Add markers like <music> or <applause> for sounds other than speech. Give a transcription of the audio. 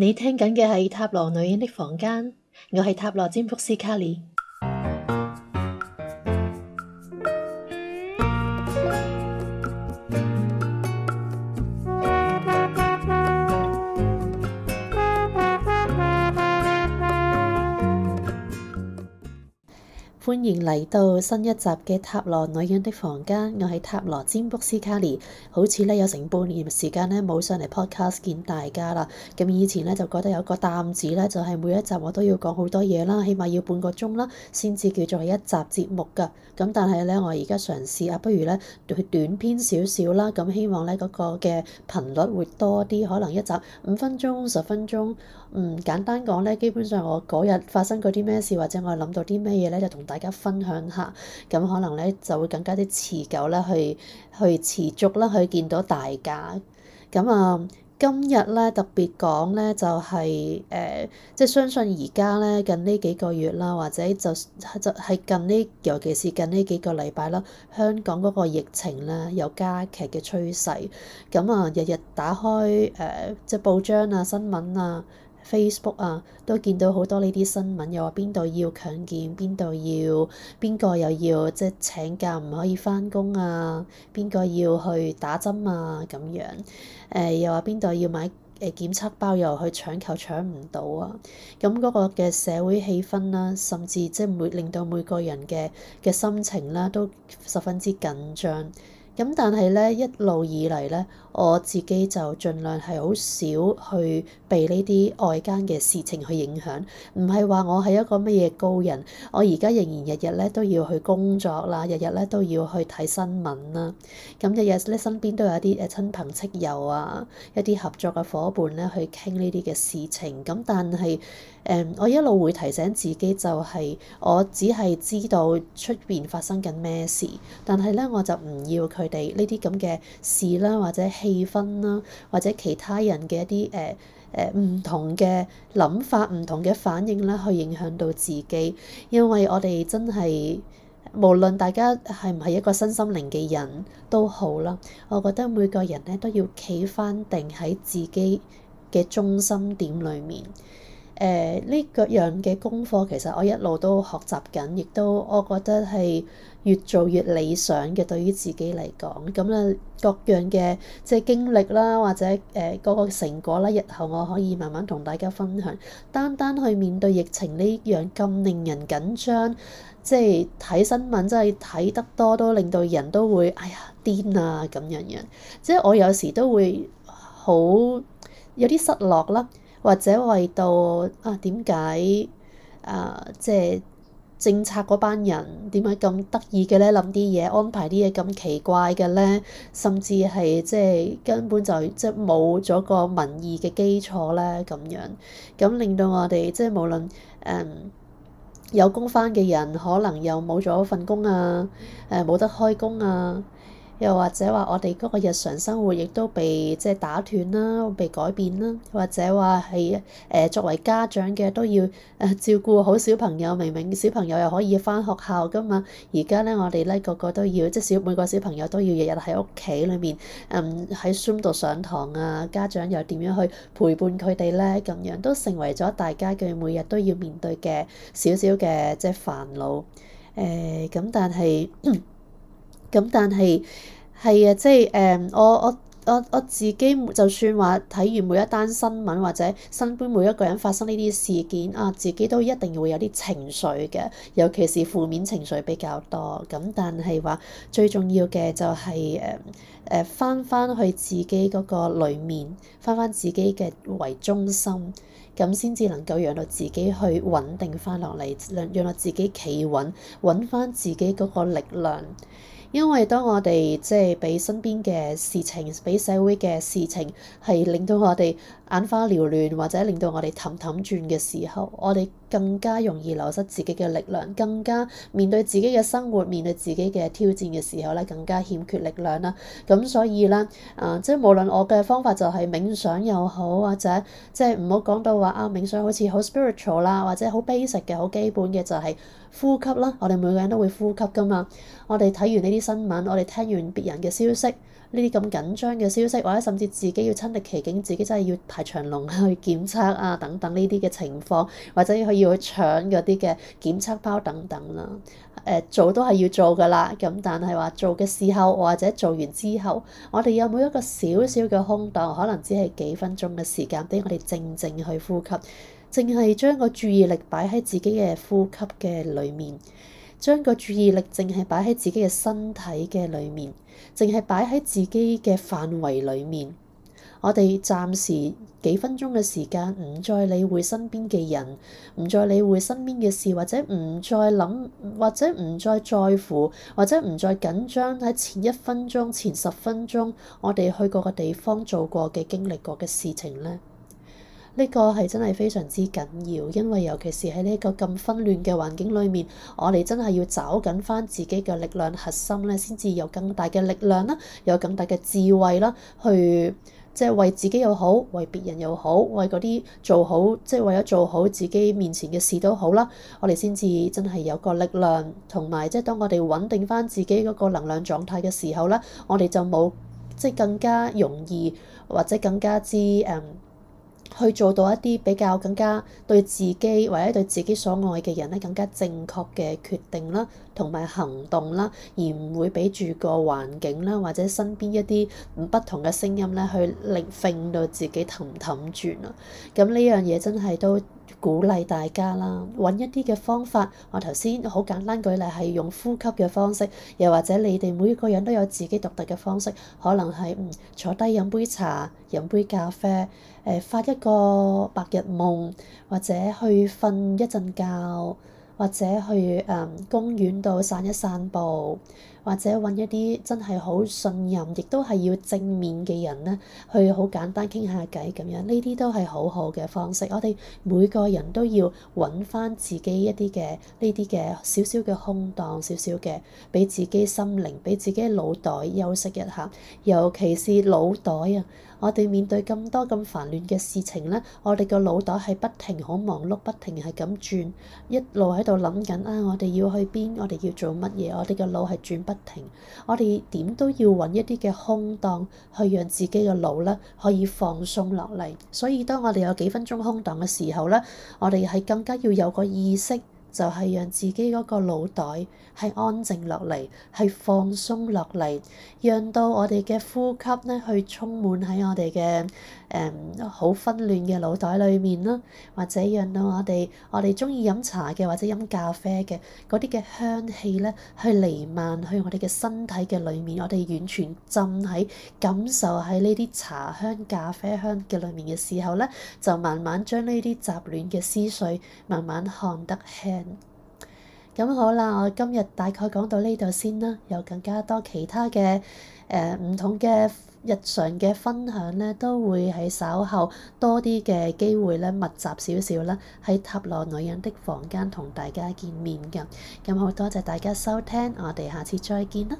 你聽緊嘅係《塔羅女人的房間》，我係塔羅占卜師卡莉。歡迎嚟到新一集嘅塔羅女人的房間，我係塔羅占卜師卡莉。好似咧有成半年時間咧冇上嚟 podcast 見大家啦。咁以前咧就覺得有個擔子咧，就係每一集我都要講好多嘢啦，起碼要半個鐘啦，先至叫做係一集節目㗎。咁但係咧，我而家嘗試啊，不如咧去短篇少少啦。咁希望咧嗰個嘅頻率會多啲，可能一集五分鐘、十分鐘。嗯，簡單講咧，基本上我嗰日發生過啲咩事，或者我諗到啲咩嘢咧，就同大家分享下。咁可能咧就會更加啲持久啦，去去持續啦，去見到大家。咁啊，今日咧特別講咧就係、是、誒、呃，即係相信而家咧近呢幾個月啦，或者就就係近呢，尤其是近呢幾個禮拜啦，香港嗰個疫情咧有加劇嘅趨勢。咁啊，日日打開誒、呃、即係報章啊、新聞啊。Facebook 啊，都見到好多呢啲新聞，又話邊度要強檢，邊度要邊個又要即請假唔可以翻工啊，邊個要去打針啊咁樣，誒、呃、又話邊度要買誒檢測包又去搶購搶唔到啊，咁嗰個嘅社會氣氛啦、啊，甚至即每令到每個人嘅嘅心情啦、啊，都十分之緊張。咁但係咧，一路以嚟咧，我自己就盡量係好少去被呢啲外間嘅事情去影響。唔係話我係一個乜嘢高人，我而家仍然日日咧都要去工作啦，日日咧都要去睇新聞啦。咁日日咧身邊都有一啲誒親朋戚友啊，一啲合作嘅夥伴咧去傾呢啲嘅事情。咁、嗯、但係。Um, 我一路會提醒自己，就係我只係知道出邊發生緊咩事，但係咧我就唔要佢哋呢啲咁嘅事啦，或者氣氛啦，或者其他人嘅一啲誒誒唔同嘅諗法、唔同嘅反應啦，去影響到自己。因為我哋真係無論大家係唔係一個身心靈嘅人都好啦，我覺得每個人咧都要企返定喺自己嘅中心點裏面。誒呢個樣嘅功課，其實我一路都學習緊，亦都我覺得係越做越理想嘅。對於自己嚟講，咁咧各樣嘅即係經歷啦，或者誒嗰、呃、個成果啦，日後我可以慢慢同大家分享。單單去面對疫情呢樣咁令人緊張，即係睇新聞真係睇得多都令到人都會哎呀癲啊咁樣樣，即係我有時都會好有啲失落啦。或者為到啊點解啊即係政策嗰班人點解咁得意嘅咧？諗啲嘢安排啲嘢咁奇怪嘅咧？甚至係即係根本就即係冇咗個民意嘅基礎咧，咁樣，咁令到我哋即係無論誒、嗯、有工返嘅人，可能又冇咗份工啊，誒、呃、冇得開工啊。又或者話我哋嗰個日常生活亦都被即係打斷啦，被改變啦，或者話係誒作為家長嘅都要誒照顧好小朋友。明明小朋友又可以翻學校噶嘛，而家咧我哋咧個個都要即係小，每個小朋友都要日日喺屋企裏面，嗯喺 Zoom 度上堂啊。家長又點樣去陪伴佢哋咧？咁樣都成為咗大家嘅每日都要面對嘅小小嘅即係煩惱。誒、呃、咁，但係。 <coughs> 咁但係係啊，即係誒，我我我我自己，就算話睇完每一單新聞或者身邊每一個人發生呢啲事件啊，自己都一定會有啲情緒嘅，尤其是負面情緒比較多。咁但係話最重要嘅就係誒誒翻翻去自己嗰個裡面，翻翻自己嘅為中心，咁先至能夠讓到自己去穩定翻落嚟，讓到自己企穩，揾翻自己嗰個力量。因為當我哋，即係俾身邊嘅事情，俾社會嘅事情，係令到我哋，眼花繚亂或者令到我哋氹氹轉嘅時候，我哋更加容易流失自己嘅力量，更加面對自己嘅生活、面對自己嘅挑戰嘅時候咧，更加欠缺力量啦。咁所以咧、呃，即係無論我嘅方法就係冥想又好，或者即係唔好講到話啊冥想好似好 spiritual 啦，或者好 basic 嘅、好基本嘅就係呼吸啦。我哋每個人都會呼吸噶嘛。我哋睇完呢啲新聞，我哋聽完別人嘅消息，呢啲咁緊張嘅消息，或者甚至自己要親歷其境，自己真係要。長龍去檢測啊，等等呢啲嘅情況，或者佢要去搶嗰啲嘅檢測包等等啦。誒、呃，做都係要做噶啦，咁但係話做嘅時候或者做完之後，我哋有冇一個少少嘅空檔？可能只係幾分鐘嘅時間，畀我哋靜靜去呼吸，淨係將個注意力擺喺自己嘅呼吸嘅裏面，將個注意力淨係擺喺自己嘅身體嘅裏面，淨係擺喺自己嘅範圍裏面。我哋暫時幾分鐘嘅時間，唔再理會身邊嘅人，唔再理會身邊嘅事，或者唔再諗，或者唔再在乎，或者唔再緊張。喺前一分鐘、前十分鐘，我哋去過嘅地方、做過嘅經歷過嘅事情咧，呢個係真係非常之緊要，因為尤其是喺呢個咁紛亂嘅環境裡面，我哋真係要找緊翻自己嘅力量核心咧，先至有更大嘅力量啦，有更大嘅智慧啦，去。即係為自己又好，為別人又好，為嗰啲做好，即係為咗做好自己面前嘅事都好啦。我哋先至真係有個力量，同埋即係當我哋穩定翻自己嗰個能量狀態嘅時候咧，我哋就冇即係更加容易，或者更加之誒。Um, 去做到一啲比較更加對自己或者對自己所愛嘅人呢更加正確嘅決定啦，同埋行動啦，而唔會畀住個環境啦或者身邊一啲唔不同嘅聲音呢，去令揈到自己氹氹轉啊！咁呢樣嘢真係都～鼓勵大家啦，揾一啲嘅方法。我頭先好簡單舉例，係用呼吸嘅方式，又或者你哋每個人都有自己獨特嘅方式，可能係、嗯、坐低飲杯茶、飲杯咖啡、誒、呃、發一個白日夢，或者去瞓一陣覺，或者去、嗯、公園度散一散步。或者揾一啲真係好信任，亦都係要正面嘅人咧，去好簡單傾下偈咁樣，呢啲都係好好嘅方式。我哋每個人都要揾翻自己一啲嘅呢啲嘅少少嘅空檔，少少嘅俾自己心靈，俾自己腦袋休息一下。尤其是腦袋啊，我哋面對咁多咁煩亂嘅事情咧，我哋個腦袋係不停好忙碌，不停係咁轉，一路喺度諗緊啊！我哋要去邊，我哋要做乜嘢？我哋個腦係轉不？停，我哋點都要揾一啲嘅空檔去讓自己嘅腦咧可以放鬆落嚟。所以當我哋有幾分鐘空檔嘅時候咧，我哋係更加要有個意識。就係讓自己嗰個腦袋係安靜落嚟，係放鬆落嚟，讓到我哋嘅呼吸咧去充滿喺我哋嘅誒好混亂嘅腦袋裏面啦，或者讓到我哋我哋中意飲茶嘅或者飲咖啡嘅啲嘅香氣咧去彌漫去我哋嘅身體嘅裏面，我哋完全浸喺感受喺呢啲茶香咖啡香嘅裏面嘅時候咧，就慢慢將呢啲雜亂嘅思緒慢慢看得輕。咁好啦，我今日大概講到呢度先啦。有更加多其他嘅誒，唔同嘅日常嘅分享呢，都會喺稍後多啲嘅機會呢，密集少少啦，喺塔羅女人的房間同大家見面㗎。咁好多謝大家收聽，我哋下次再見啦。